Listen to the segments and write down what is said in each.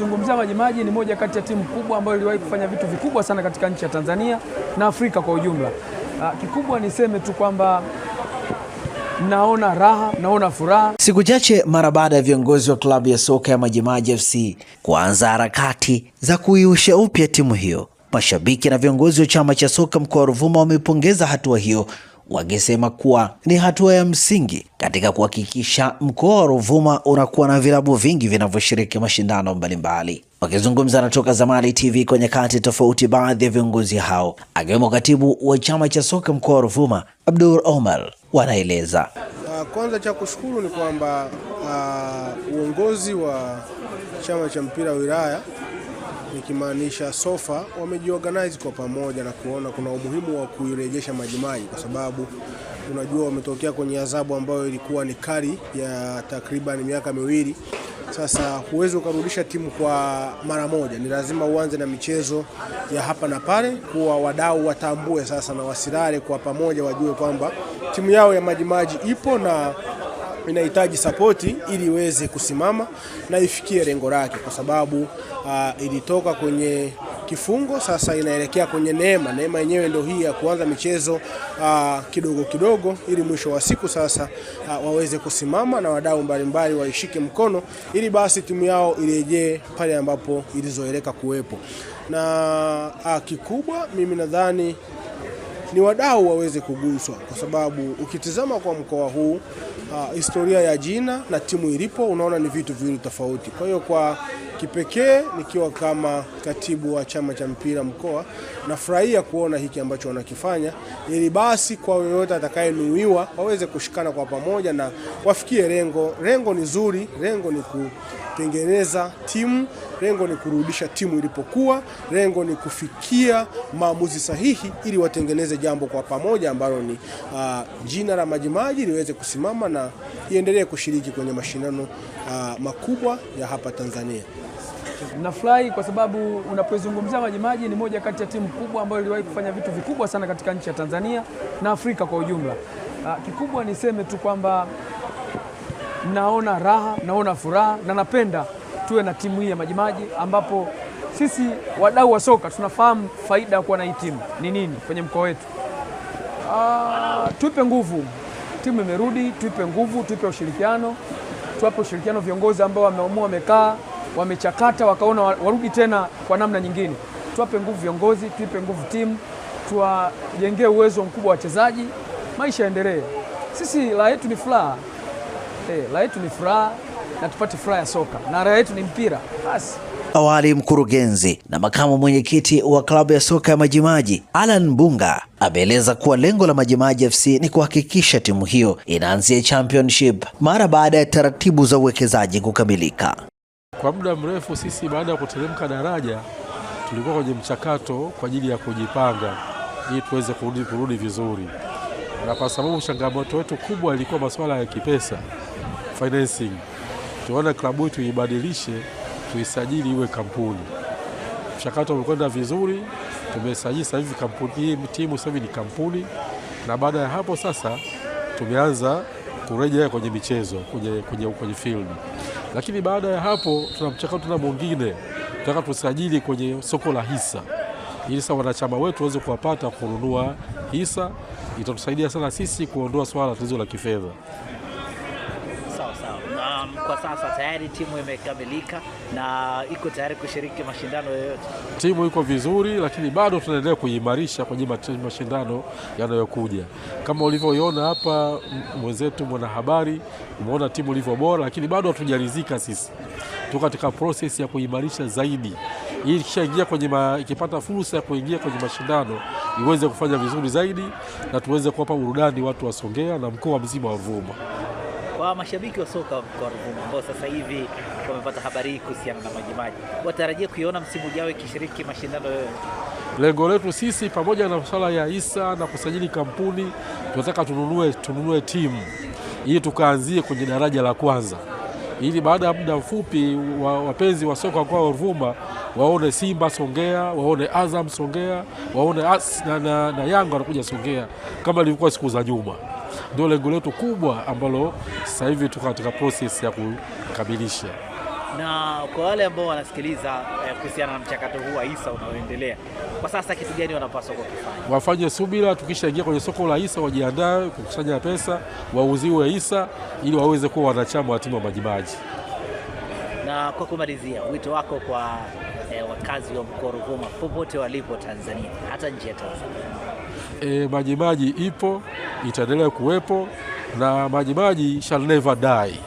Ukizungumzia Majimaji ni moja kati ya timu kubwa ambayo iliwahi kufanya vitu vikubwa sana katika nchi ya Tanzania na Afrika kwa ujumla. Ah, kikubwa niseme tu kwamba naona raha, naona furaha. Siku chache mara baada ya viongozi wa klabu ya soka ya Majimaji FC kuanza harakati za kuiusha upya timu hiyo, mashabiki na viongozi wa chama cha soka mkoa wa Ruvuma wamepongeza hatua hiyo wakisema kuwa ni hatua ya msingi katika kuhakikisha mkoa wa Ruvuma unakuwa na vilabu vingi vinavyoshiriki mashindano mbalimbali. Wakizungumza na Toka Zamani TV kwa nyakati tofauti, baadhi ya viongozi hao akiwemo katibu wa chama cha soka mkoa wa Ruvuma Abdur Omar wanaeleza. Ah, kwanza cha kushukuru ni kwamba uh, uongozi wa chama cha mpira wa wilaya nikimaanisha sofa, wamejiorganize kwa pamoja na kuona kuna umuhimu wa kuirejesha Majimaji kwa sababu unajua wametokea kwenye adhabu ambayo ilikuwa ni kali ya takriban miaka miwili. Sasa huwezi ukarudisha timu kwa mara moja, ni lazima uanze na michezo ya hapa na pale, kuwa wadau watambue sasa na wasilale kwa pamoja, wajue kwamba timu yao ya Majimaji ipo na inahitaji sapoti ili iweze kusimama na ifikie lengo lake, kwa sababu uh, ilitoka kwenye kifungo sasa inaelekea kwenye neema. Neema yenyewe ndio hii ya kuanza michezo uh, kidogo kidogo, ili mwisho wa siku sasa uh, waweze kusimama na wadau mbalimbali waishike mkono, ili basi timu yao irejee pale ambapo ilizoeleka kuwepo na uh, kikubwa mimi nadhani ni wadau waweze kuguswa, kwa sababu ukitizama kwa mkoa huu uh, historia ya jina na timu ilipo, unaona ni vitu viwili tofauti. Kwa hiyo kwa kipekee, nikiwa kama katibu wa chama cha mpira mkoa, nafurahia kuona hiki ambacho wanakifanya, ili basi kwa yoyote atakayenuiwa waweze kushikana kwa pamoja na wafikie lengo. Lengo ni zuri, lengo ni ku kutengeneza timu, lengo ni kurudisha timu ilipokuwa, lengo ni kufikia maamuzi sahihi ili watengeneze jambo kwa pamoja ambalo ni uh, jina la Majimaji liweze kusimama na iendelee kushiriki kwenye mashindano uh, makubwa ya hapa Tanzania. Nafurahi kwa sababu unapozungumzia Majimaji ni moja kati ya timu kubwa ambayo iliwahi kufanya vitu vikubwa sana katika nchi ya Tanzania na Afrika kwa ujumla. Uh, kikubwa niseme tu kwamba naona raha, naona furaha na napenda tuwe na timu hii ya Majimaji ambapo sisi wadau wa soka tunafahamu faida ya kuwa na hii timu ni nini kwenye mkoa wetu. Ah, tuipe nguvu timu imerudi, tuipe nguvu, tuipe ushirikiano, tuwape ushirikiano viongozi ambao wameamua, wamekaa, wamechakata, wakaona warudi tena kwa namna nyingine. Tuwape nguvu viongozi, tuipe nguvu timu, tuwajengee uwezo mkubwa wa wachezaji, maisha yaendelee. Sisi la yetu ni furaha. Eh, raha yetu ni furaha na tupate furaha ya soka na raha yetu ni mpira basi. Awali mkurugenzi na makamu mwenyekiti wa klabu ya soka ya Majimaji Alan Bunga ameeleza kuwa lengo la Majimaji FC ni kuhakikisha timu hiyo inaanzia championship mara baada ya taratibu za uwekezaji kukamilika. Kwa muda mrefu sisi, baada ya kuteremka daraja, tulikuwa kwenye mchakato kwa ajili ya kujipanga ili tuweze kurudi kurudi vizuri na kwa sababu changamoto wetu kubwa ilikuwa masuala ya kipesa financing, tuona klabu hii tuibadilishe, tuisajili iwe kampuni. Mchakato umekwenda vizuri, tumesajili sasa hivi kampuni timu sasa hivi ni kampuni, na baada ya hapo sasa tumeanza kurejea kwenye michezo kwenye, kwenye, kwenye field. Lakini baada ya hapo tuna mchakato tena mwingine, tunataka tusajili kwenye soko la hisa ili sasa wanachama wetu waweze kuwapata kununua hisa itatusaidia sana sisi kuondoa swala tatizo la kifedha. Sawa sawa. Um, kwa sasa tayari timu imekamilika na iko tayari kushiriki mashindano yoyote. Timu iko vizuri, lakini bado tunaendelea kuimarisha kwenye mashindano yanayokuja. Kama ulivyoiona hapa, mwenzetu mwanahabari, umeona timu ilivyo bora, lakini bado hatujarizika sisi, tuko katika process ya kuimarisha zaidi ili ikishaingia kwenye ma, ikipata fursa ya kuingia kwenye mashindano iweze kufanya vizuri zaidi na tuweze kuwapa burudani watu wa Songea na mkoa mzima wa Ruvuma. Kwa mashabiki wa soka wa mkoa wa Ruvuma ambao sasa hivi wamepata habari hii kuhusiana na Maji, watarajia kuiona msimu ujao ikishiriki mashindano yoyote? Lengo letu sisi pamoja na masuala ya hisa na kusajili kampuni, tunataka tununue, tununue timu ili tukaanzie kwenye daraja la kwanza, ili baada ya muda mfupi wapenzi wa soka kwa Ruvuma waone Simba Songea, waone Azam Songea, waone as, na, na, na Yanga wanakuja Songea kama ilivyokuwa siku za nyuma. Ndio lengo letu kubwa ambalo sasa hivi tuko katika process ya kukamilisha. Na kwa wale ambao wanasikiliza eh, kuhusiana na mchakato huu wa hisa unaoendelea kwa sasa, kitu gani wanapaswa kukifanya? Wafanye subira, tukishaingia kwenye soko la hisa wajiandae kukusanya pesa, wauziwe hisa ili waweze kuwa wanachama wa timu ya Majimaji. Na kwa kumalizia, wito wako kwa ya eh, wakazi wa mkoa Ruvuma popote walipo Tanzania, hata nje ya Tanzania. E, Majimaji ipo, itaendelea kuwepo na Majimaji shall never die.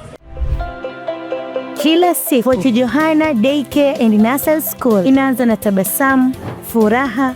Kila siku Fort Johanna Daycare and Nursery School inaanza na tabasamu, furaha